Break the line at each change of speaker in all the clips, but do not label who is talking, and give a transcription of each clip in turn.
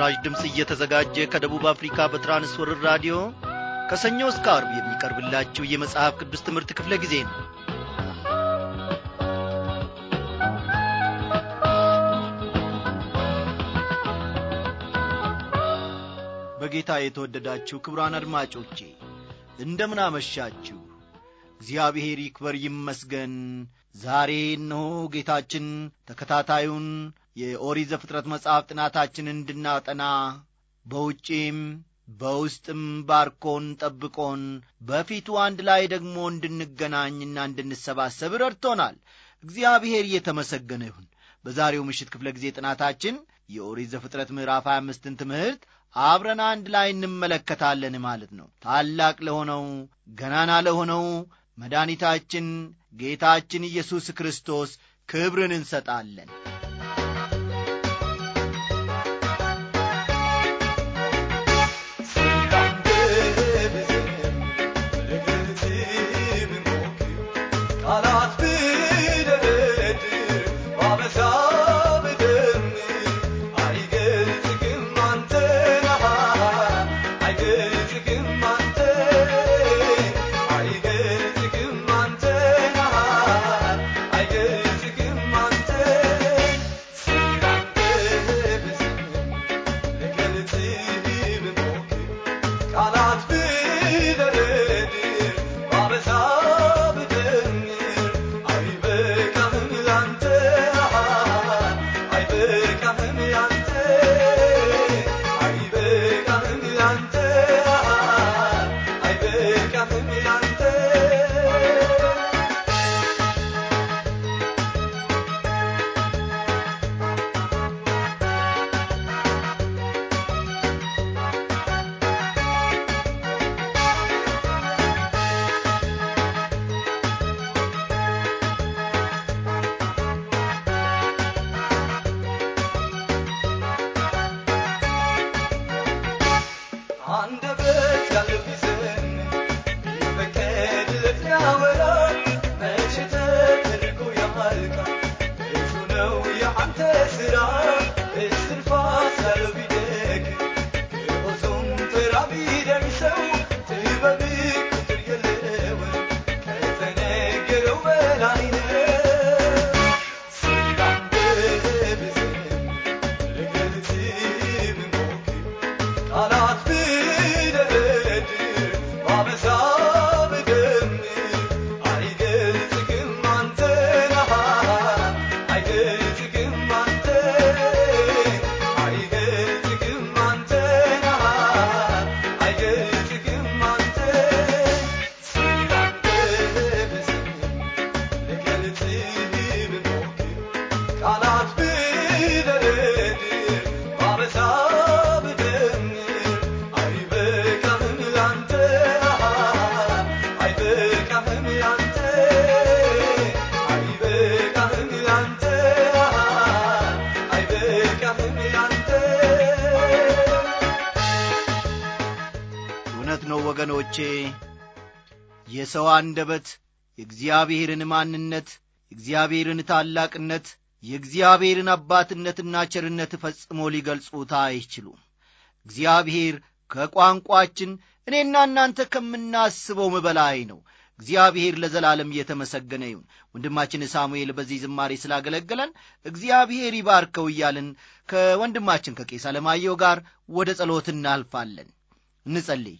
ለምስራች ድምፅ እየተዘጋጀ ከደቡብ አፍሪካ በትራንስወርር ራዲዮ ከሰኞ እስከ አርብ የሚቀርብላችሁ የመጽሐፍ ቅዱስ ትምህርት ክፍለ ጊዜ ነው በጌታ የተወደዳችሁ ክብራን አድማጮቼ እንደምን አመሻችሁ እግዚአብሔር ይክበር ይመስገን ዛሬ እነሆ ጌታችን ተከታታዩን የኦሪት ዘፍጥረት መጽሐፍ ጥናታችን እንድናጠና በውጪም በውስጥም ባርኮን ጠብቆን በፊቱ አንድ ላይ ደግሞ እንድንገናኝና እንድንሰባሰብ ረድቶናል። እግዚአብሔር እየተመሰገነ ይሁን። በዛሬው ምሽት ክፍለ ጊዜ ጥናታችን የኦሪት ዘፍጥረት ምዕራፍ 25ን ትምህርት አብረን አንድ ላይ እንመለከታለን ማለት ነው። ታላቅ ለሆነው ገናና ለሆነው መድኃኒታችን ጌታችን ኢየሱስ ክርስቶስ ክብርን እንሰጣለን። ወገኖቼ የሰው አንደበት የእግዚአብሔርን ማንነት የእግዚአብሔርን ታላቅነት የእግዚአብሔርን አባትነትና ቸርነት ፈጽሞ ሊገልጹት አይችሉም እግዚአብሔር ከቋንቋችን እኔና እናንተ ከምናስበውም በላይ ነው እግዚአብሔር ለዘላለም እየተመሰገነ ይሁን ወንድማችን ሳሙኤል በዚህ ዝማሬ ስላገለገለን እግዚአብሔር ይባርከው እያልን ከወንድማችን ከቄስ አለማየሁ ጋር ወደ ጸሎት እናልፋለን
እንጸልይ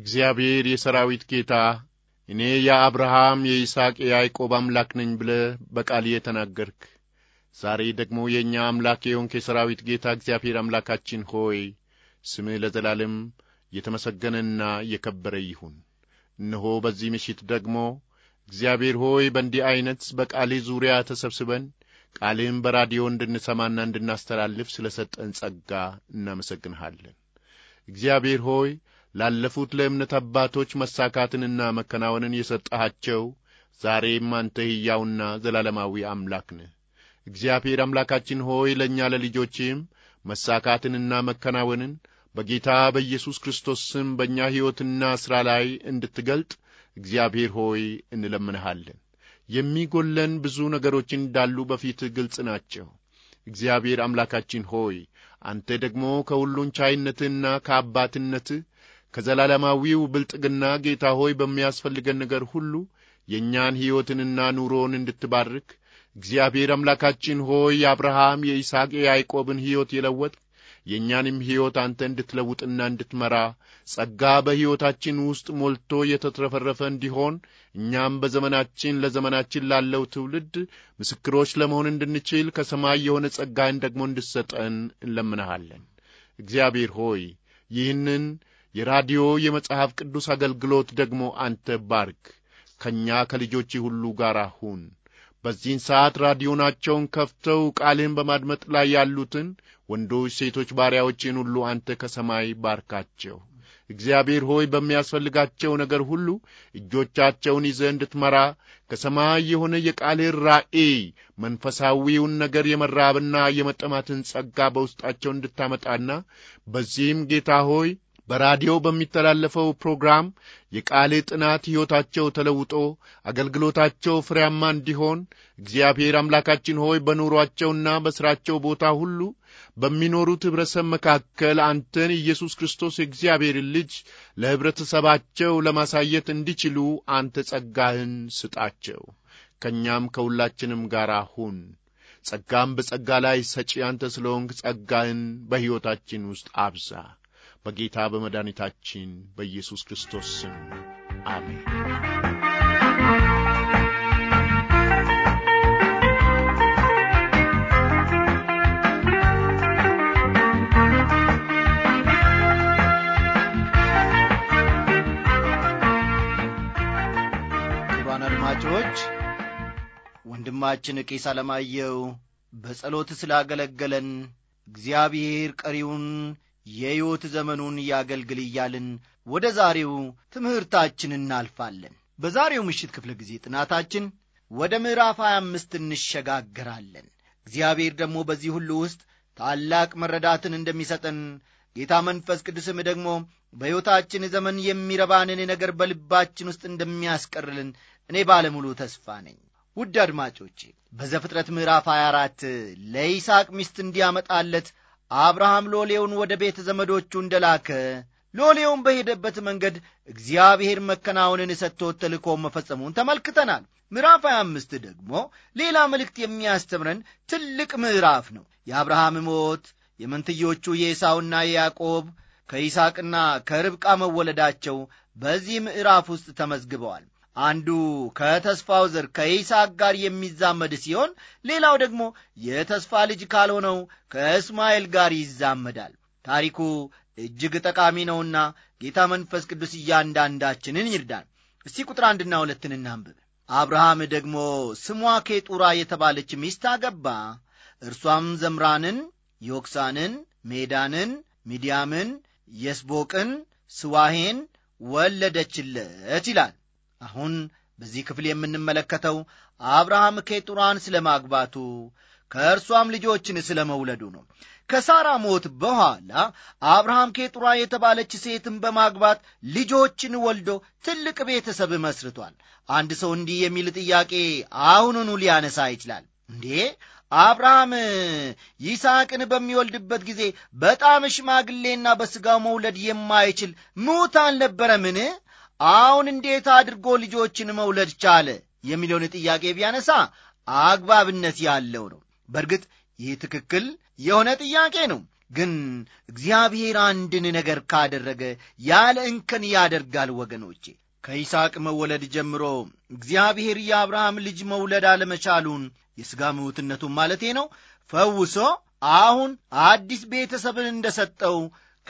እግዚአብሔር የሰራዊት ጌታ እኔ የአብርሃም የይስሐቅ የያዕቆብ አምላክ ነኝ ብለ በቃል የተናገርክ ዛሬ ደግሞ የእኛ አምላክ የሆንክ የሰራዊት ጌታ እግዚአብሔር አምላካችን ሆይ ስምህ ለዘላለም የተመሰገነና የከበረ ይሁን። እነሆ በዚህ ምሽት ደግሞ እግዚአብሔር ሆይ በእንዲህ ዐይነት በቃልህ ዙሪያ ተሰብስበን ቃልህም በራዲዮ እንድንሰማና እንድናስተላልፍ ስለ ሰጠን ጸጋ እናመሰግንሃለን። እግዚአብሔር ሆይ ላለፉት ለእምነት አባቶች መሳካትንና መከናወንን የሰጠሃቸው ዛሬም አንተ ሕያውና ዘላለማዊ አምላክ ነህ። እግዚአብሔር አምላካችን ሆይ ለእኛ ለልጆችም መሳካትንና መከናወንን በጌታ በኢየሱስ ክርስቶስ ስም በእኛ ሕይወትና ሥራ ላይ እንድትገልጥ እግዚአብሔር ሆይ እንለምንሃለን። የሚጎለን ብዙ ነገሮች እንዳሉ በፊት ግልጽ ናቸው። እግዚአብሔር አምላካችን ሆይ አንተ ደግሞ ከሁሉን ቻይነትህና ከአባትነትህ ከዘላለማዊው ብልጥግና ጌታ ሆይ በሚያስፈልገን ነገር ሁሉ የእኛን ሕይወትንና ኑሮን እንድትባርክ እግዚአብሔር አምላካችን ሆይ የአብርሃም የይስሐቅ የያዕቆብን ሕይወት የለወጥ የእኛንም ሕይወት አንተ እንድትለውጥና እንድትመራ ጸጋ በሕይወታችን ውስጥ ሞልቶ የተትረፈረፈ እንዲሆን እኛም በዘመናችን ለዘመናችን ላለው ትውልድ ምስክሮች ለመሆን እንድንችል ከሰማይ የሆነ ጸጋን ደግሞ እንድትሰጠን እንለምንሃለን። እግዚአብሔር ሆይ ይህንን የራዲዮ የመጽሐፍ ቅዱስ አገልግሎት ደግሞ አንተ ባርክ፣ ከእኛ ከልጆች ሁሉ ጋር ሁን። በዚህን ሰዓት ራዲዮናቸውን ከፍተው ቃልህን በማድመጥ ላይ ያሉትን ወንዶች፣ ሴቶች ባሪያዎችን ሁሉ አንተ ከሰማይ ባርካቸው። እግዚአብሔር ሆይ በሚያስፈልጋቸው ነገር ሁሉ እጆቻቸውን ይዘህ እንድትመራ ከሰማይ የሆነ የቃልህ ራእይ መንፈሳዊውን ነገር የመራብና የመጠማትን ጸጋ በውስጣቸው እንድታመጣና በዚህም ጌታ ሆይ በራዲዮ በሚተላለፈው ፕሮግራም የቃል ጥናት ሕይወታቸው ተለውጦ አገልግሎታቸው ፍሬያማ እንዲሆን እግዚአብሔር አምላካችን ሆይ በኑሯቸውና በሥራቸው ቦታ ሁሉ በሚኖሩት ኅብረተሰብ መካከል አንተን ኢየሱስ ክርስቶስ የእግዚአብሔር ልጅ ለኅብረተሰባቸው ለማሳየት እንዲችሉ አንተ ጸጋህን ስጣቸው። ከእኛም ከሁላችንም ጋር ሁን። ጸጋም በጸጋ ላይ ሰጪ አንተ ስለ ሆንክ ጸጋህን በሕይወታችን ውስጥ አብዛ። በጌታ በመድኃኒታችን በኢየሱስ ክርስቶስ ስም አሜን።
አድማጮች ወንድማችን ቄስ አለማየው በጸሎት ስላገለገለን እግዚአብሔር ቀሪውን የሕይወት ዘመኑን እያገልግል እያልን ወደ ዛሬው ትምህርታችን እናልፋለን። በዛሬው ምሽት ክፍለ ጊዜ ጥናታችን ወደ ምዕራፍ 25 እንሸጋግራለን። እግዚአብሔር ደግሞ በዚህ ሁሉ ውስጥ ታላቅ መረዳትን እንደሚሰጠን ጌታ መንፈስ ቅዱስም ደግሞ በሕይወታችን ዘመን የሚረባንን ነገር በልባችን ውስጥ እንደሚያስቀርልን እኔ ባለሙሉ ተስፋ ነኝ። ውድ አድማጮቼ በዘፍጥረት ምዕራፍ 24 ለይስሐቅ ሚስት እንዲያመጣለት አብርሃም ሎሌውን ወደ ቤተ ዘመዶቹ እንደላከ ሎሌውን በሄደበት መንገድ እግዚአብሔር መከናወንን ሰጥቶት ተልኮ መፈጸሙን ተመልክተናል። ምዕራፍ 25 ደግሞ ሌላ መልእክት የሚያስተምረን ትልቅ ምዕራፍ ነው። የአብርሃም ሞት፣ የመንትዮቹ የኤሳውና የያዕቆብ ከይስቅና ከርብቃ መወለዳቸው በዚህ ምዕራፍ ውስጥ ተመዝግበዋል። አንዱ ከተስፋው ዘር ከይስሐቅ ጋር የሚዛመድ ሲሆን ሌላው ደግሞ የተስፋ ልጅ ካልሆነው ከእስማኤል ጋር ይዛመዳል። ታሪኩ እጅግ ጠቃሚ ነውና ጌታ መንፈስ ቅዱስ እያንዳንዳችንን ይርዳል እስቲ ቁጥር አንድና ሁለትን እናንብብ። አብርሃም ደግሞ ስሟ ኬጡራ የተባለች ሚስት አገባ። እርሷም ዘምራንን፣ ዮክሳንን፣ ሜዳንን፣ ሚዲያምን፣ የስቦቅን፣ ስዋሄን ወለደችለት ይላል። አሁን በዚህ ክፍል የምንመለከተው አብርሃም ኬጡራን ስለ ማግባቱ ከእርሷም ልጆችን ስለ መውለዱ ነው። ከሳራ ሞት በኋላ አብርሃም ኬጡራ የተባለች ሴትን በማግባት ልጆችን ወልዶ ትልቅ ቤተሰብ መስርቷል። አንድ ሰው እንዲህ የሚል ጥያቄ አሁኑኑ ሊያነሳ ይችላል። እንዴ አብርሃም ይስሐቅን በሚወልድበት ጊዜ በጣም ሽማግሌና በሥጋው መውለድ የማይችል ሙት አልነበረምን? አሁን እንዴት አድርጎ ልጆችን መውለድ ቻለ የሚለውን ጥያቄ ቢያነሳ አግባብነት ያለው ነው። በእርግጥ ይህ ትክክል የሆነ ጥያቄ ነው። ግን እግዚአብሔር አንድን ነገር ካደረገ ያለ እንከን ያደርጋል። ወገኖቼ ከይስቅ መወለድ ጀምሮ እግዚአብሔር የአብርሃም ልጅ መውለድ አለመቻሉን የሥጋ ምውትነቱን ማለቴ ነው ፈውሶ አሁን አዲስ ቤተሰብን እንደሰጠው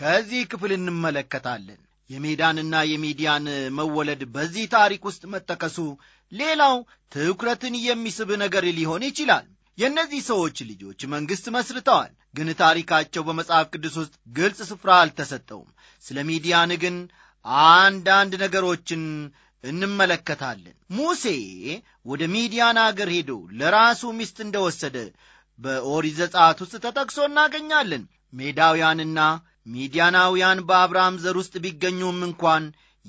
ከዚህ ክፍል እንመለከታለን። የሜዳንና የሚዲያን መወለድ በዚህ ታሪክ ውስጥ መጠቀሱ ሌላው ትኩረትን የሚስብ ነገር ሊሆን ይችላል። የእነዚህ ሰዎች ልጆች መንግሥት መስርተዋል፣ ግን ታሪካቸው በመጽሐፍ ቅዱስ ውስጥ ግልጽ ስፍራ አልተሰጠውም። ስለ ሚዲያን ግን አንዳንድ ነገሮችን እንመለከታለን። ሙሴ ወደ ሚዲያን አገር ሄዶ ለራሱ ሚስት እንደወሰደ በኦሪት ዘጸአት ውስጥ ተጠቅሶ እናገኛለን። ሜዳውያንና ሚዲያናውያን በአብርሃም ዘር ውስጥ ቢገኙም እንኳን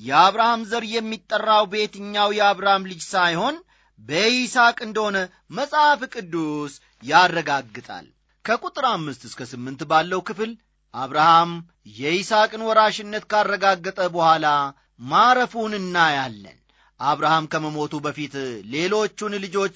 የአብርሃም ዘር የሚጠራው በየትኛው የአብርሃም ልጅ ሳይሆን በይስሐቅ እንደሆነ መጽሐፍ ቅዱስ ያረጋግጣል። ከቁጥር አምስት እስከ ስምንት ባለው ክፍል አብርሃም የይስሐቅን ወራሽነት ካረጋገጠ በኋላ ማረፉን እናያለን። አብርሃም ከመሞቱ በፊት ሌሎቹን ልጆች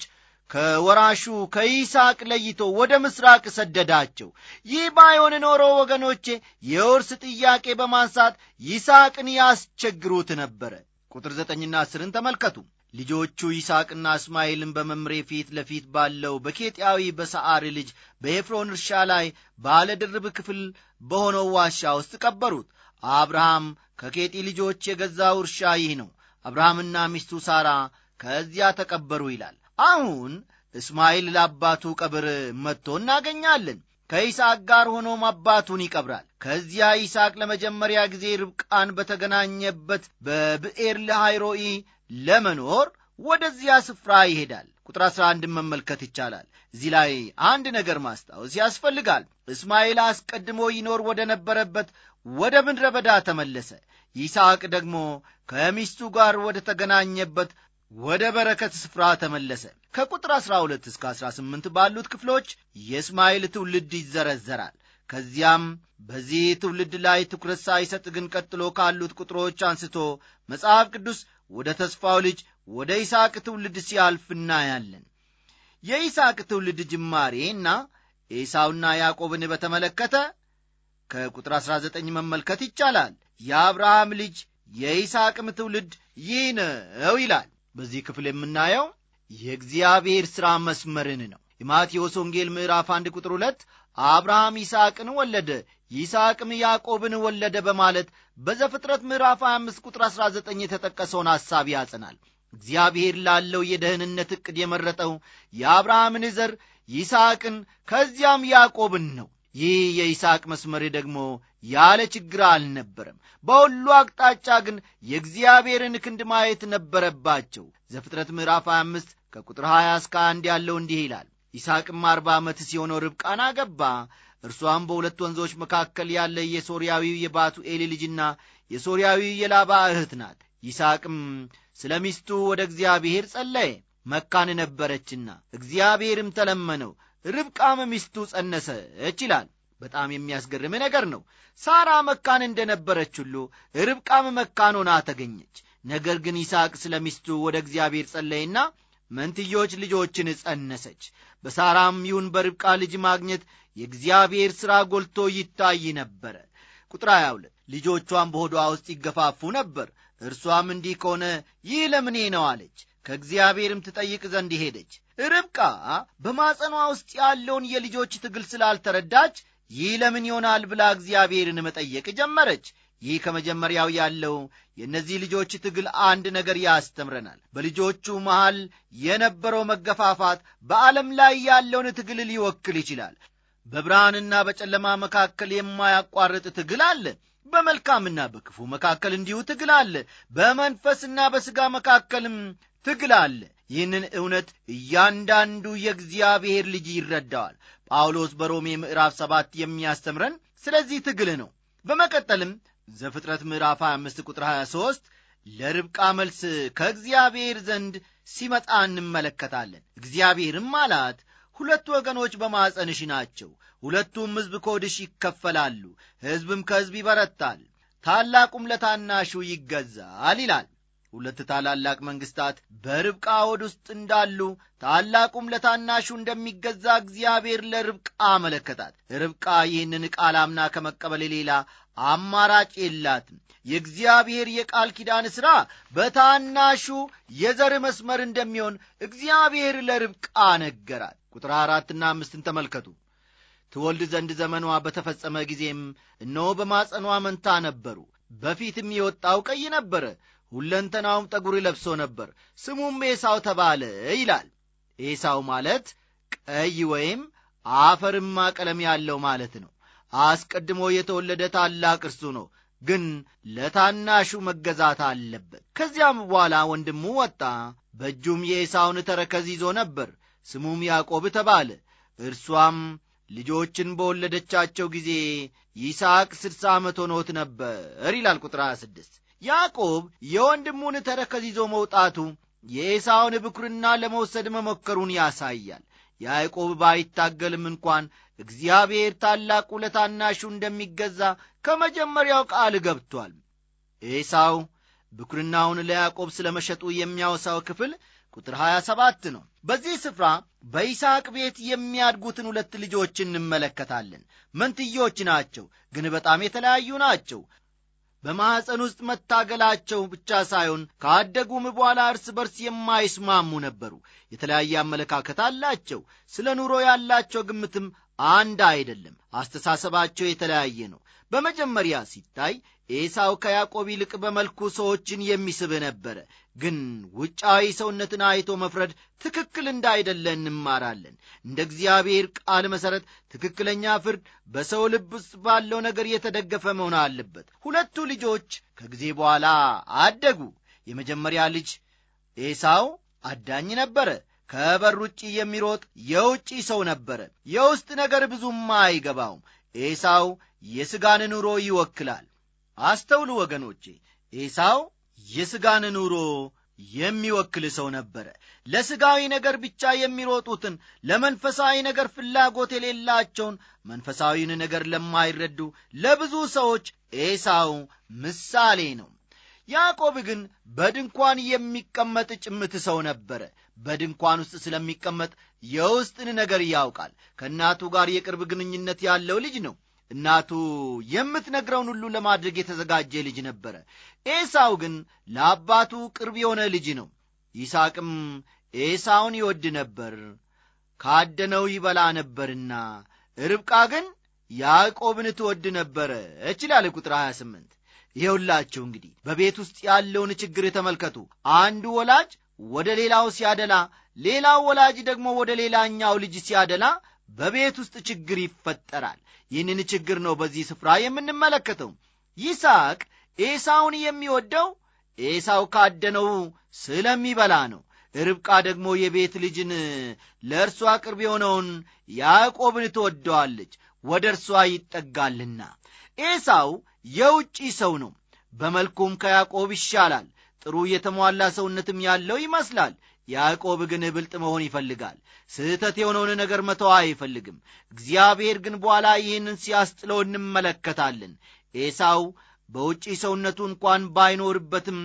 ከወራሹ ከይስሐቅ ለይቶ ወደ ምስራቅ ሰደዳቸው። ይህ ባይሆን ኖሮ ወገኖቼ የውርስ ጥያቄ በማንሳት ይስሐቅን ያስቸግሩት ነበረ። ቁጥር ዘጠኝና አስርን ተመልከቱ። ልጆቹ ይስሐቅና እስማኤልን በመምሬ ፊት ለፊት ባለው በኬጢያዊ በሰዓር ልጅ በኤፍሮን እርሻ ላይ ባለ ድርብ ክፍል በሆነው ዋሻ ውስጥ ቀበሩት። አብርሃም ከኬጢ ልጆች የገዛው እርሻ ይህ ነው። አብርሃምና ሚስቱ ሳራ ከዚያ ተቀበሩ ይላል። አሁን እስማኤል ለአባቱ ቀብር መጥቶ እናገኛለን። ከይስሐቅ ጋር ሆኖም አባቱን ይቀብራል። ከዚያ ይስሐቅ ለመጀመሪያ ጊዜ ርብቃን በተገናኘበት በብኤር ለሃይሮኢ ለመኖር ወደዚያ ስፍራ ይሄዳል። ቁጥር 11 መመልከት ይቻላል። እዚህ ላይ አንድ ነገር ማስታወስ ያስፈልጋል። እስማኤል አስቀድሞ ይኖር ወደ ነበረበት ወደ ምድረ በዳ ተመለሰ። ይስሐቅ ደግሞ ከሚስቱ ጋር ወደ ተገናኘበት ወደ በረከት ስፍራ ተመለሰ። ከቁጥር 12 እስከ 18 ባሉት ክፍሎች የእስማኤል ትውልድ ይዘረዘራል። ከዚያም በዚህ ትውልድ ላይ ትኩረት ሳይሰጥ ግን ቀጥሎ ካሉት ቁጥሮች አንስቶ መጽሐፍ ቅዱስ ወደ ተስፋው ልጅ ወደ ይስሐቅ ትውልድ ሲያልፍ እናያለን። የይስሐቅ ትውልድ ጅማሬና ኤሳውና ያዕቆብን በተመለከተ ከቁጥር 19 መመልከት ይቻላል። የአብርሃም ልጅ የይስሐቅም ትውልድ ይህ ነው ይላል። በዚህ ክፍል የምናየው የእግዚአብሔር ሥራ መስመርን ነው የማቴዎስ ወንጌል ምዕራፍ አንድ ቁጥር ሁለት አብርሃም ይስሐቅን ወለደ ይስሐቅም ያዕቆብን ወለደ በማለት በዘፍጥረት ምዕራፍ 25 ቁጥር 19 የተጠቀሰውን ሐሳብ ያጸናል እግዚአብሔር ላለው የደህንነት ዕቅድ የመረጠው የአብርሃምን ዘር ይስሐቅን ከዚያም ያዕቆብን ነው ይህ የይስሐቅ መስመር ደግሞ ያለ ችግር አልነበረም። በሁሉ አቅጣጫ ግን የእግዚአብሔርን ክንድ ማየት ነበረባቸው። ዘፍጥረት ምዕራፍ 25 ከቁጥር 20 እስከ 1 ያለው እንዲህ ይላል። ይስሐቅም አርባ ዓመት ሲሆነው ርብቃን አገባ። እርሷም በሁለት ወንዞች መካከል ያለ የሶርያዊው የባቱኤል ልጅና የሶርያዊው የላባ እህት ናት። ይስሐቅም ስለ ሚስቱ ወደ እግዚአብሔር ጸለየ፣ መካን ነበረችና። እግዚአብሔርም ተለመነው፣ ርብቃም ሚስቱ ጸነሰች ይላል። በጣም የሚያስገርም ነገር ነው። ሳራ መካን እንደነበረች ሁሉ ርብቃም መካን ሆና ተገኘች። ነገር ግን ይስሐቅ ስለ ሚስቱ ወደ እግዚአብሔር ጸለይና መንትዮች ልጆችን ጸነሰች። በሳራም ይሁን በርብቃ ልጅ ማግኘት የእግዚአብሔር ሥራ ጎልቶ ይታይ ነበረ። ቁጥር 22 ልጆቿም በሆዷ ውስጥ ይገፋፉ ነበር። እርሷም እንዲህ ከሆነ ይህ ለምኔ ነው አለች። ከእግዚአብሔርም ትጠይቅ ዘንድ ሄደች። ርብቃ በማጸኗ ውስጥ ያለውን የልጆች ትግል ስላልተረዳች ይህ ለምን ይሆናል ብላ እግዚአብሔርን መጠየቅ ጀመረች። ይህ ከመጀመሪያው ያለው የእነዚህ ልጆች ትግል አንድ ነገር ያስተምረናል። በልጆቹ መሃል የነበረው መገፋፋት በዓለም ላይ ያለውን ትግል ሊወክል ይችላል። በብርሃንና በጨለማ መካከል የማያቋርጥ ትግል አለ። በመልካምና በክፉ መካከል እንዲሁ ትግል አለ። በመንፈስና በሥጋ መካከልም ትግል አለ። ይህንን እውነት እያንዳንዱ የእግዚአብሔር ልጅ ይረዳዋል። ጳውሎስ በሮሜ ምዕራፍ ሰባት የሚያስተምረን ስለዚህ ትግል ነው። በመቀጠልም ዘፍጥረት ምዕራፍ 25 ቁጥር 23 ለርብቃ መልስ ከእግዚአብሔር ዘንድ ሲመጣ እንመለከታለን። እግዚአብሔርም አላት ሁለት ወገኖች በማፀንሽ ናቸው፣ ሁለቱም ሕዝብ ከሆድሽ ይከፈላሉ፣ ሕዝብም ከሕዝብ ይበረታል፣ ታላቁም ለታናሹ ይገዛል ይላል። ሁለት ታላላቅ መንግሥታት በርብቃ ሆድ ውስጥ እንዳሉ ታላቁም ለታናሹ እንደሚገዛ እግዚአብሔር ለርብቃ አመለከታት። ርብቃ ይህንን ቃል አምና ከመቀበል ሌላ አማራጭ የላትም። የእግዚአብሔር የቃል ኪዳን ሥራ በታናሹ የዘር መስመር እንደሚሆን እግዚአብሔር ለርብቃ ነገራት። ቁጥር አራትና አምስትን ተመልከቱ። ትወልድ ዘንድ ዘመኗ በተፈጸመ ጊዜም እነሆ በማጸኗ መንታ ነበሩ። በፊትም የወጣው ቀይ ነበረ፣ ሁለንተናውም ጠጉር ለብሶ ነበር፣ ስሙም ኤሳው ተባለ ይላል። ኤሳው ማለት ቀይ ወይም አፈርማ ቀለም ያለው ማለት ነው። አስቀድሞ የተወለደ ታላቅ እርሱ ነው፣ ግን ለታናሹ መገዛት አለበት። ከዚያም በኋላ ወንድሙ ወጣ፣ በእጁም የኤሳውን ተረከዝ ይዞ ነበር፣ ስሙም ያዕቆብ ተባለ። እርሷም ልጆችን በወለደቻቸው ጊዜ ይስቅ ስድሳ ዓመት ሆኖት ነበር ይላል ቁጥር 26 ያዕቆብ የወንድሙን ተረከዝ ይዞ መውጣቱ የኤሳውን ብኩርና ለመውሰድ መሞከሩን ያሳያል። ያዕቆብ ባይታገልም እንኳን እግዚአብሔር ታላቁ ለታናሹ እንደሚገዛ ከመጀመሪያው ቃል ገብቷል። ኤሳው ብኩርናውን ለያዕቆብ ስለ መሸጡ የሚያወሳው ክፍል ቁጥር 27 ነው። በዚህ ስፍራ በይስሐቅ ቤት የሚያድጉትን ሁለት ልጆች እንመለከታለን። መንትዮች ናቸው፣ ግን በጣም የተለያዩ ናቸው። በማኅፀን ውስጥ መታገላቸው ብቻ ሳይሆን ካደጉም በኋላ እርስ በርስ የማይስማሙ ነበሩ። የተለያየ አመለካከት አላቸው። ስለ ኑሮ ያላቸው ግምትም አንድ አይደለም። አስተሳሰባቸው የተለያየ ነው። በመጀመሪያ ሲታይ ኤሳው ከያዕቆብ ይልቅ በመልኩ ሰዎችን የሚስብ ነበረ። ግን ውጫዊ ሰውነትን አይቶ መፍረድ ትክክል እንዳይደለ እንማራለን። እንደ እግዚአብሔር ቃል መሠረት ትክክለኛ ፍርድ በሰው ልብ ውስጥ ባለው ነገር የተደገፈ መሆን አለበት። ሁለቱ ልጆች ከጊዜ በኋላ አደጉ። የመጀመሪያ ልጅ ኤሳው አዳኝ ነበረ። ከበር ውጭ የሚሮጥ የውጪ ሰው ነበረ። የውስጥ ነገር ብዙም አይገባውም። ኤሳው የሥጋን ኑሮ ይወክላል። አስተውሉ ወገኖቼ፣ ኤሳው የሥጋን ኑሮ የሚወክል ሰው ነበረ። ለሥጋዊ ነገር ብቻ የሚሮጡትን፣ ለመንፈሳዊ ነገር ፍላጎት የሌላቸውን፣ መንፈሳዊን ነገር ለማይረዱ ለብዙ ሰዎች ኤሳው ምሳሌ ነው። ያዕቆብ ግን በድንኳን የሚቀመጥ ጭምት ሰው ነበረ። በድንኳን ውስጥ ስለሚቀመጥ የውስጥን ነገር ያውቃል። ከእናቱ ጋር የቅርብ ግንኙነት ያለው ልጅ ነው። እናቱ የምትነግረውን ሁሉ ለማድረግ የተዘጋጀ ልጅ ነበረ። ኤሳው ግን ለአባቱ ቅርብ የሆነ ልጅ ነው። ይስሐቅም ኤሳውን ይወድ ነበር፣ ካደነው ይበላ ነበርና፣ ርብቃ ግን ያዕቆብን ትወድ ነበረ እችላለ ቁጥር 28 ይኸውላችሁ እንግዲህ በቤት ውስጥ ያለውን ችግር ተመልከቱ። አንዱ ወላጅ ወደ ሌላው ሲያደላ፣ ሌላው ወላጅ ደግሞ ወደ ሌላኛው ልጅ ሲያደላ በቤት ውስጥ ችግር ይፈጠራል። ይህንን ችግር ነው በዚህ ስፍራ የምንመለከተው። ይስሐቅ ኤሳውን የሚወደው ኤሳው ካደነው ስለሚበላ ነው። ርብቃ ደግሞ የቤት ልጅን ለእርሷ ቅርብ የሆነውን ያዕቆብን ትወደዋለች፣ ወደ እርሷ ይጠጋልና ኤሳው የውጪ ሰው ነው። በመልኩም ከያዕቆብ ይሻላል። ጥሩ የተሟላ ሰውነትም ያለው ይመስላል። ያዕቆብ ግን ብልጥ መሆን ይፈልጋል። ስህተት የሆነውን ነገር መተው አይፈልግም። እግዚአብሔር ግን በኋላ ይህንን ሲያስጥለው እንመለከታለን። ኤሳው በውጪ ሰውነቱ እንኳን ባይኖርበትም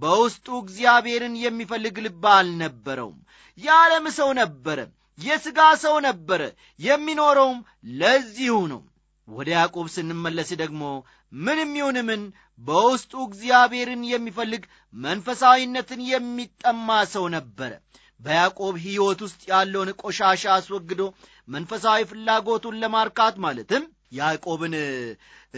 በውስጡ እግዚአብሔርን የሚፈልግ ልብ አልነበረውም። የዓለም ሰው ነበረ። የሥጋ ሰው ነበረ። የሚኖረውም ለዚሁ ነው። ወደ ያዕቆብ ስንመለስ ደግሞ ምንም ይሁን ምን በውስጡ እግዚአብሔርን የሚፈልግ መንፈሳዊነትን የሚጠማ ሰው ነበረ። በያዕቆብ ሕይወት ውስጥ ያለውን ቆሻሻ አስወግዶ መንፈሳዊ ፍላጎቱን ለማርካት ማለትም ያዕቆብን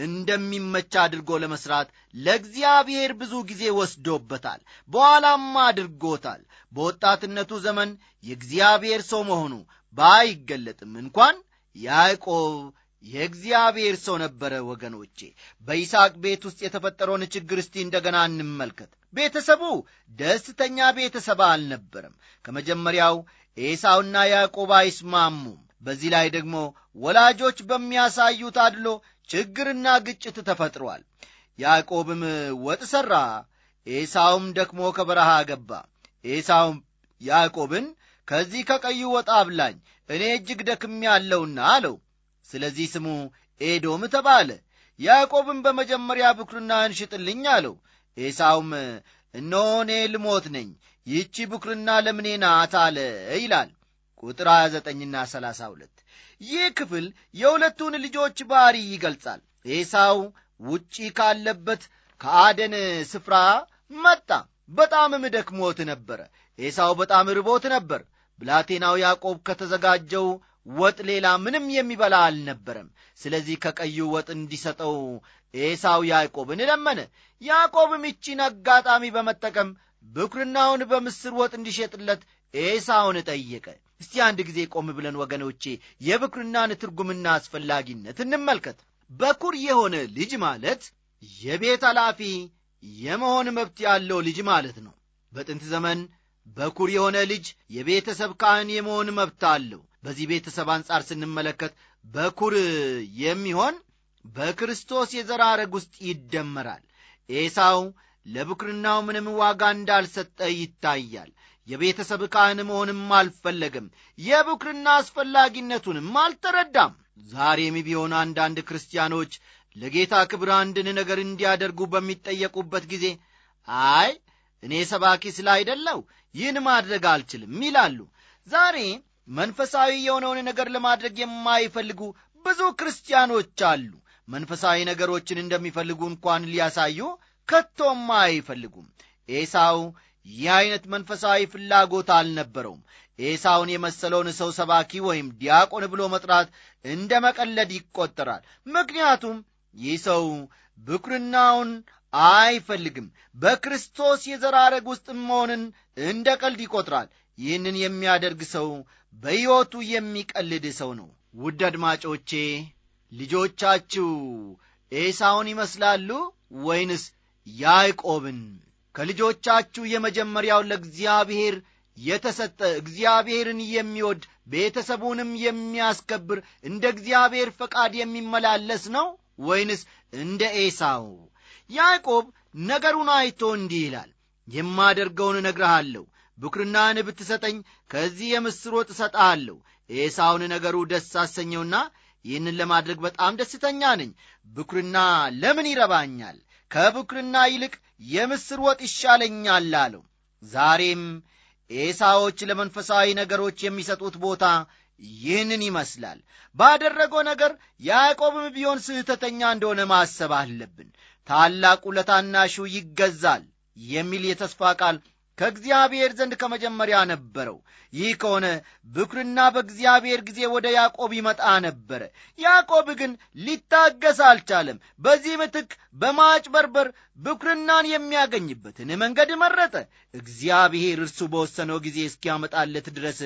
እንደሚመች አድርጎ ለመስራት ለእግዚአብሔር ብዙ ጊዜ ወስዶበታል፣ በኋላም አድርጎታል። በወጣትነቱ ዘመን የእግዚአብሔር ሰው መሆኑ ባይገለጥም እንኳን ያዕቆብ የእግዚአብሔር ሰው ነበረ። ወገኖቼ በይስሐቅ ቤት ውስጥ የተፈጠረውን ችግር እስቲ እንደገና እንመልከት። ቤተሰቡ ደስተኛ ቤተሰብ አልነበረም። ከመጀመሪያው ኤሳውና ያዕቆብ አይስማሙም። በዚህ ላይ ደግሞ ወላጆች በሚያሳዩት አድሎ ችግርና ግጭት ተፈጥሯል። ያዕቆብም ወጥ ሠራ፣ ኤሳውም ደክሞ ከበረሃ ገባ። ኤሳውም ያዕቆብን ከዚህ ከቀዩ ወጥ አብላኝ፣ እኔ እጅግ ደክሜያለሁና አለው። ስለዚህ ስሙ ኤዶም ተባለ። ያዕቆብም በመጀመሪያ ብኩርና ሽጥልኝ አለው። ኤሳውም እነሆ እኔ ልሞት ነኝ፣ ይህቺ ብኩርና ለምኔ ናት አለ ይላል ቁጥር 29ና 32። ይህ ክፍል የሁለቱን ልጆች ባሕሪ ይገልጻል። ኤሳው ውጪ ካለበት ከአደን ስፍራ መጣ። በጣምም ደክሞት ነበረ። ኤሳው በጣም ርቦት ነበር። ብላቴናው ያዕቆብ ከተዘጋጀው ወጥ ሌላ ምንም የሚበላ አልነበረም። ስለዚህ ከቀዩ ወጥ እንዲሰጠው ኤሳው ያዕቆብን ለመነ። ያዕቆብም ይቺን አጋጣሚ በመጠቀም ብኩርናውን በምስር ወጥ እንዲሸጥለት ኤሳውን ጠየቀ። እስቲ አንድ ጊዜ ቆም ብለን ወገኖቼ የብኩርናን ትርጉምና አስፈላጊነት እንመልከት። በኩር የሆነ ልጅ ማለት የቤት ኃላፊ የመሆን መብት ያለው ልጅ ማለት ነው። በጥንት ዘመን በኩር የሆነ ልጅ የቤተሰብ ካህን የመሆን መብት አለው። በዚህ ቤተሰብ አንጻር ስንመለከት በኩር የሚሆን በክርስቶስ የዘራረግ ውስጥ ይደመራል። ኤሳው ለብኩርናው ምንም ዋጋ እንዳልሰጠ ይታያል። የቤተሰብ ካህን መሆንም አልፈለገም። የብኩርና አስፈላጊነቱንም አልተረዳም። ዛሬም ቢሆን አንዳንድ ክርስቲያኖች ለጌታ ክብር አንድን ነገር እንዲያደርጉ በሚጠየቁበት ጊዜ አይ እኔ ሰባኪ ስላ አይደለው ይህን ማድረግ አልችልም ይላሉ። ዛሬ መንፈሳዊ የሆነውን ነገር ለማድረግ የማይፈልጉ ብዙ ክርስቲያኖች አሉ። መንፈሳዊ ነገሮችን እንደሚፈልጉ እንኳን ሊያሳዩ ከቶም አይፈልጉም። ኤሳው ይህ ዐይነት መንፈሳዊ ፍላጎት አልነበረውም። ኤሳውን የመሰለውን ሰው ሰባኪ ወይም ዲያቆን ብሎ መጥራት እንደ መቀለድ ይቈጠራል። ምክንያቱም ይህ ሰው ብኩርናውን አይፈልግም። በክርስቶስ የዘራረግ ውስጥ መሆንን እንደ ቀልድ ይቈጥራል። ይህንን የሚያደርግ ሰው በሕይወቱ የሚቀልድ ሰው ነው። ውድ አድማጮቼ ልጆቻችሁ ኤሳውን ይመስላሉ ወይንስ ያዕቆብን? ከልጆቻችሁ የመጀመሪያው ለእግዚአብሔር የተሰጠ እግዚአብሔርን የሚወድ ቤተሰቡንም የሚያስከብር እንደ እግዚአብሔር ፈቃድ የሚመላለስ ነው ወይንስ እንደ ኤሳው? ያዕቆብ ነገሩን አይቶ እንዲህ ይላል፣ የማደርገውን እነግርሃለሁ ብኩርናን ብትሰጠኝ ከዚህ የምስር ወጥ እሰጥሃለሁ። ኤሳውን ነገሩ ደስ አሰኘውና ይህንን ለማድረግ በጣም ደስተኛ ነኝ። ብኩርና ለምን ይረባኛል? ከብኩርና ይልቅ የምስር ወጥ ይሻለኛል አለው። ዛሬም ኤሳዎች ለመንፈሳዊ ነገሮች የሚሰጡት ቦታ ይህንን ይመስላል። ባደረገው ነገር ያዕቆብም ቢሆን ስህተተኛ እንደሆነ ማሰብ አለብን። ታላቁ ለታናሹ ይገዛል የሚል የተስፋ ቃል ከእግዚአብሔር ዘንድ ከመጀመሪያ ነበረው። ይህ ከሆነ ብኩርና በእግዚአብሔር ጊዜ ወደ ያዕቆብ ይመጣ ነበረ። ያዕቆብ ግን ሊታገስ አልቻለም። በዚህ ምትክ በማጭበርበር ብኩርናን የሚያገኝበትን መንገድ መረጠ። እግዚአብሔር እርሱ በወሰነው ጊዜ እስኪያመጣለት ድረስ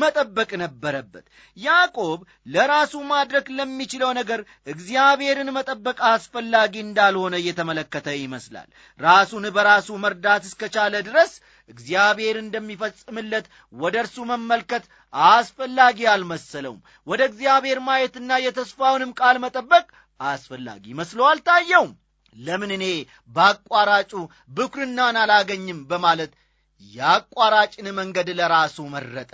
መጠበቅ ነበረበት። ያዕቆብ ለራሱ ማድረግ ለሚችለው ነገር እግዚአብሔርን መጠበቅ አስፈላጊ እንዳልሆነ እየተመለከተ ይመስላል። ራሱን በራሱ መርዳት እስከቻለ ድረስ እግዚአብሔር እንደሚፈጽምለት ወደ እርሱ መመልከት አስፈላጊ አልመሰለውም። ወደ እግዚአብሔር ማየትና የተስፋውንም ቃል መጠበቅ አስፈላጊ መስሎ አልታየውም። ለምን እኔ በአቋራጩ ብኩርናን አላገኝም በማለት የአቋራጭን መንገድ ለራሱ መረጠ።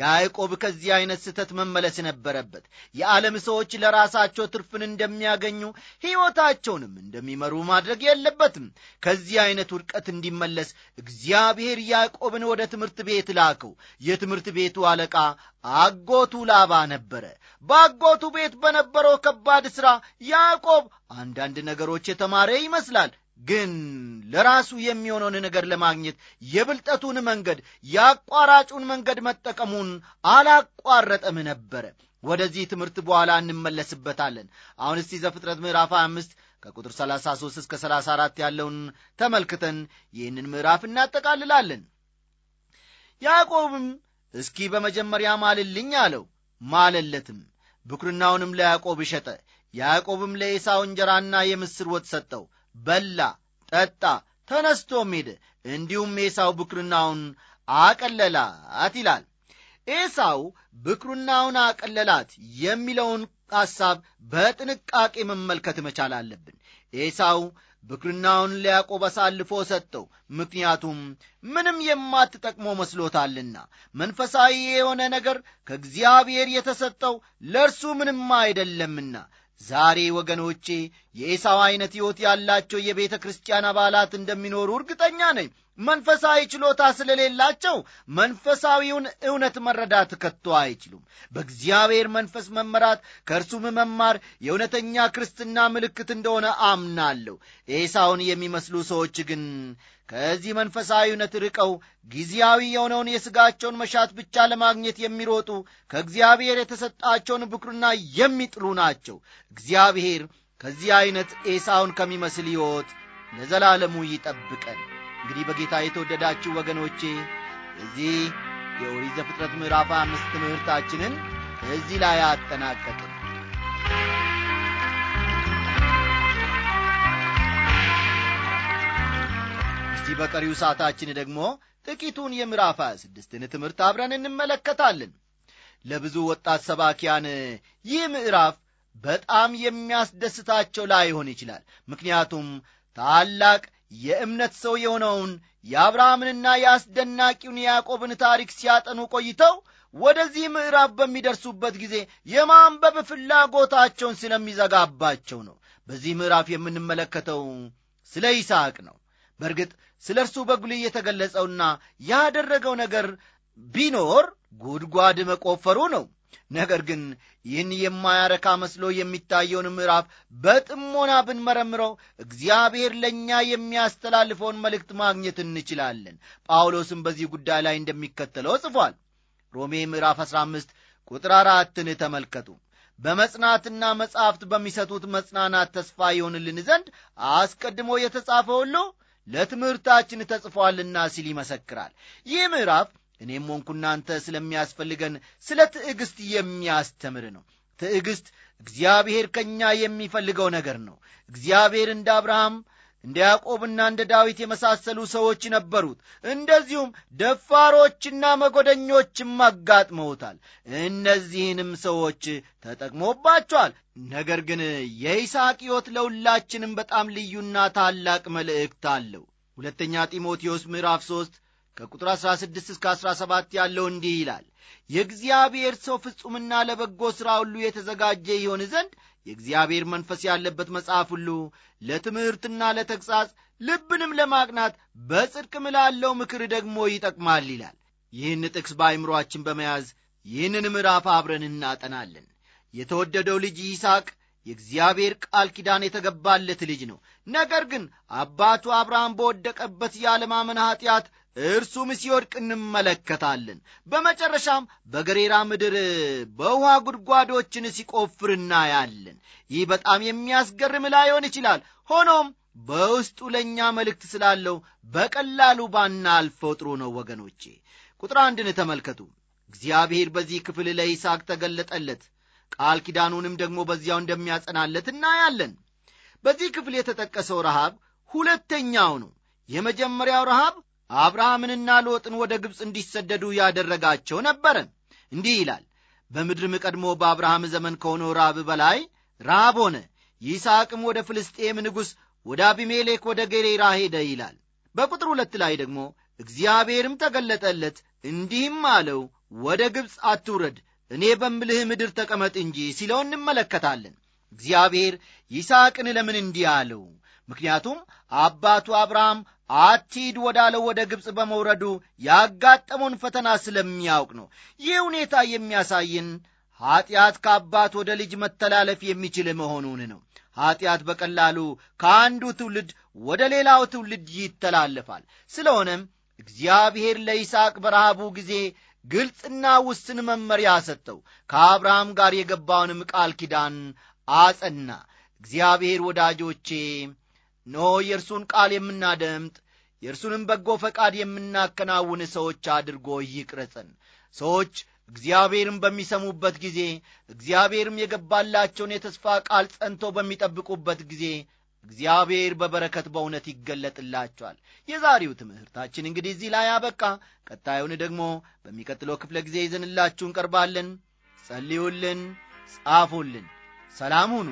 ያዕቆብ ከዚህ አይነት ስህተት መመለስ ነበረበት። የዓለም ሰዎች ለራሳቸው ትርፍን እንደሚያገኙ ሕይወታቸውንም እንደሚመሩ ማድረግ የለበትም። ከዚህ አይነት ውድቀት እንዲመለስ እግዚአብሔር ያዕቆብን ወደ ትምህርት ቤት ላከው። የትምህርት ቤቱ አለቃ አጎቱ ላባ ነበረ። በአጎቱ ቤት በነበረው ከባድ ሥራ ያዕቆብ አንዳንድ ነገሮች የተማረ ይመስላል። ግን ለራሱ የሚሆነውን ነገር ለማግኘት የብልጠቱን መንገድ የአቋራጩን መንገድ መጠቀሙን አላቋረጠም ነበረ። ወደዚህ ትምህርት በኋላ እንመለስበታለን። አሁን እስቲ ዘፍጥረት ምዕራፍ 25 ከቁጥር 33 እስከ 34 ያለውን ተመልክተን ይህንን ምዕራፍ እናጠቃልላለን። ያዕቆብም እስኪ በመጀመሪያ ማልልኝ አለው። ማለለትም። ብኩርናውንም ለያዕቆብ እሸጠ። ያዕቆብም ለኤሳው እንጀራና የምስር ወጥ ሰጠው። በላ፣ ጠጣ፣ ተነስቶም ሄደ። እንዲሁም ኤሳው ብኩርናውን አቀለላት ይላል። ኤሳው ብኩርናውን አቀለላት የሚለውን ሐሳብ በጥንቃቄ መመልከት መቻል አለብን። ኤሳው ብኩርናውን ለያዕቆብ አሳልፎ ሰጠው። ምክንያቱም ምንም የማትጠቅሞ መስሎታልና መንፈሳዊ የሆነ ነገር ከእግዚአብሔር የተሰጠው ለእርሱ ምንም አይደለምና ዛሬ ወገኖቼ የኤሳው ዐይነት ሕይወት ያላቸው የቤተ ክርስቲያን አባላት እንደሚኖሩ እርግጠኛ ነኝ። መንፈሳዊ ችሎታ ስለሌላቸው መንፈሳዊውን እውነት መረዳት ከቶ አይችሉም። በእግዚአብሔር መንፈስ መመራት፣ ከእርሱም መማር የእውነተኛ ክርስትና ምልክት እንደሆነ አምናለሁ። ኤሳውን የሚመስሉ ሰዎች ግን ከዚህ መንፈሳዊነት ርቀው ጊዜያዊ የሆነውን የሥጋቸውን መሻት ብቻ ለማግኘት የሚሮጡ ከእግዚአብሔር የተሰጣቸውን ብኩርና የሚጥሉ ናቸው። እግዚአብሔር ከዚህ ዐይነት ኤሳውን ከሚመስል ሕይወት ለዘላለሙ ይጠብቀን። እንግዲህ በጌታ የተወደዳችሁ ወገኖቼ እዚህ የኦሪት ዘፍጥረት ምዕራፍ አምስት ትምህርታችንን እዚህ ላይ አጠናቀቅን። በዚህ በቀሪው ሰዓታችን ደግሞ ጥቂቱን የምዕራፍ 26 ትምህርት አብረን እንመለከታለን። ለብዙ ወጣት ሰባኪያን ይህ ምዕራፍ በጣም የሚያስደስታቸው ላይሆን ይችላል። ምክንያቱም ታላቅ የእምነት ሰው የሆነውን የአብርሃምንና የአስደናቂውን የያዕቆብን ታሪክ ሲያጠኑ ቆይተው ወደዚህ ምዕራፍ በሚደርሱበት ጊዜ የማንበብ ፍላጎታቸውን ስለሚዘጋባቸው ነው። በዚህ ምዕራፍ የምንመለከተው ስለ ይስሐቅ ነው። በእርግጥ ስለ እርሱ በጉልህ የተገለጸውና ያደረገው ነገር ቢኖር ጉድጓድ መቆፈሩ ነው። ነገር ግን ይህን የማያረካ መስሎ የሚታየውን ምዕራፍ በጥሞና ብንመረምረው እግዚአብሔር ለእኛ የሚያስተላልፈውን መልእክት ማግኘት እንችላለን። ጳውሎስም በዚህ ጉዳይ ላይ እንደሚከተለው ጽፏል። ሮሜ ምዕራፍ 15 ቁጥር አራትን ተመልከቱ። በመጽናትና መጻሕፍት በሚሰጡት መጽናናት ተስፋ ይሆንልን ዘንድ አስቀድሞ የተጻፈ ሁሉ ለትምህርታችን ተጽፏልና ሲል ይመሰክራል። ይህ ምዕራፍ እኔም ሆንኩ እናንተ ስለሚያስፈልገን ስለ ትዕግሥት የሚያስተምር ነው። ትዕግሥት እግዚአብሔር ከእኛ የሚፈልገው ነገር ነው። እግዚአብሔር እንደ አብርሃም እንደ ያዕቆብና እንደ ዳዊት የመሳሰሉ ሰዎች ነበሩት። እንደዚሁም ደፋሮችና መጎደኞችም አጋጥመውታል። እነዚህንም ሰዎች ተጠቅሞባቸዋል። ነገር ግን የይስሐቅ ሕይወት ለሁላችንም በጣም ልዩና ታላቅ መልእክት አለው። ሁለተኛ ጢሞቴዎስ ምዕራፍ 3 ከቁጥር 16 እስከ 17 ያለው እንዲህ ይላል የእግዚአብሔር ሰው ፍጹምና ለበጎ ሥራ ሁሉ የተዘጋጀ ይሆን ዘንድ የእግዚአብሔር መንፈስ ያለበት መጽሐፍ ሁሉ ለትምህርትና ለተግሣጽ ልብንም ለማቅናት በጽድቅ ምላለው ምክር ደግሞ ይጠቅማል ይላል ይህን ጥቅስ በአይምሮአችን በመያዝ ይህንን ምዕራፍ አብረን እናጠናለን የተወደደው ልጅ ይስቅ የእግዚአብሔር ቃል ኪዳን የተገባለት ልጅ ነው ነገር ግን አባቱ አብርሃም በወደቀበት የዓለማመን ኀጢአት እርሱም ሲወድቅ እንመለከታለን። በመጨረሻም በገሬራ ምድር በውሃ ጉድጓዶችን ሲቆፍር እናያለን። ይህ በጣም የሚያስገርም ላይሆን ይችላል። ሆኖም በውስጡ ለእኛ መልእክት ስላለው በቀላሉ ባናልፈው ጥሩ ነው ወገኖቼ። ቁጥር አንድን ተመልከቱ። እግዚአብሔር በዚህ ክፍል ለይስሐቅ ተገለጠለት፣ ቃል ኪዳኑንም ደግሞ በዚያው እንደሚያጸናለት እናያለን። በዚህ ክፍል የተጠቀሰው ረሃብ ሁለተኛው ነው። የመጀመሪያው ረሃብ አብርሃምንና ሎጥን ወደ ግብፅ እንዲሰደዱ ያደረጋቸው ነበረ። እንዲህ ይላል፣ በምድርም ቀድሞ በአብርሃም ዘመን ከሆነው ራብ በላይ ራብ ሆነ። ይስሐቅም ወደ ፍልስጤም ንጉሥ ወደ አቢሜሌክ ወደ ጌሬራ ሄደ ይላል። በቁጥር ሁለት ላይ ደግሞ እግዚአብሔርም ተገለጠለት እንዲህም አለው፣ ወደ ግብፅ አትውረድ፣ እኔ በምልህ ምድር ተቀመጥ እንጂ ሲለው እንመለከታለን። እግዚአብሔር ይስሐቅን ለምን እንዲህ አለው? ምክንያቱም አባቱ አብርሃም አትሂድ ወዳለው ወደ ግብፅ በመውረዱ ያጋጠመውን ፈተና ስለሚያውቅ ነው። ይህ ሁኔታ የሚያሳየን ኀጢአት ከአባት ወደ ልጅ መተላለፍ የሚችል መሆኑን ነው። ኀጢአት በቀላሉ ከአንዱ ትውልድ ወደ ሌላው ትውልድ ይተላለፋል። ስለሆነም እግዚአብሔር ለይስሐቅ በረሃቡ ጊዜ ግልጽና ውስን መመሪያ ሰጠው። ከአብርሃም ጋር የገባውንም ቃል ኪዳን አጸና። እግዚአብሔር ወዳጆቼ ኖ የእርሱን ቃል የምናደምጥ የእርሱንም በጎ ፈቃድ የምናከናውን ሰዎች አድርጎ ይቅረጸን። ሰዎች እግዚአብሔርን በሚሰሙበት ጊዜ እግዚአብሔርም የገባላቸውን የተስፋ ቃል ጸንቶ በሚጠብቁበት ጊዜ እግዚአብሔር በበረከት በእውነት ይገለጥላቸዋል። የዛሬው ትምህርታችን እንግዲህ እዚህ ላይ አበቃ። ቀጣዩን ደግሞ በሚቀጥለው ክፍለ ጊዜ ይዘንላችሁ እንቀርባለን። ጸልዩልን፣ ጻፉልን። ሰላም ሁኑ።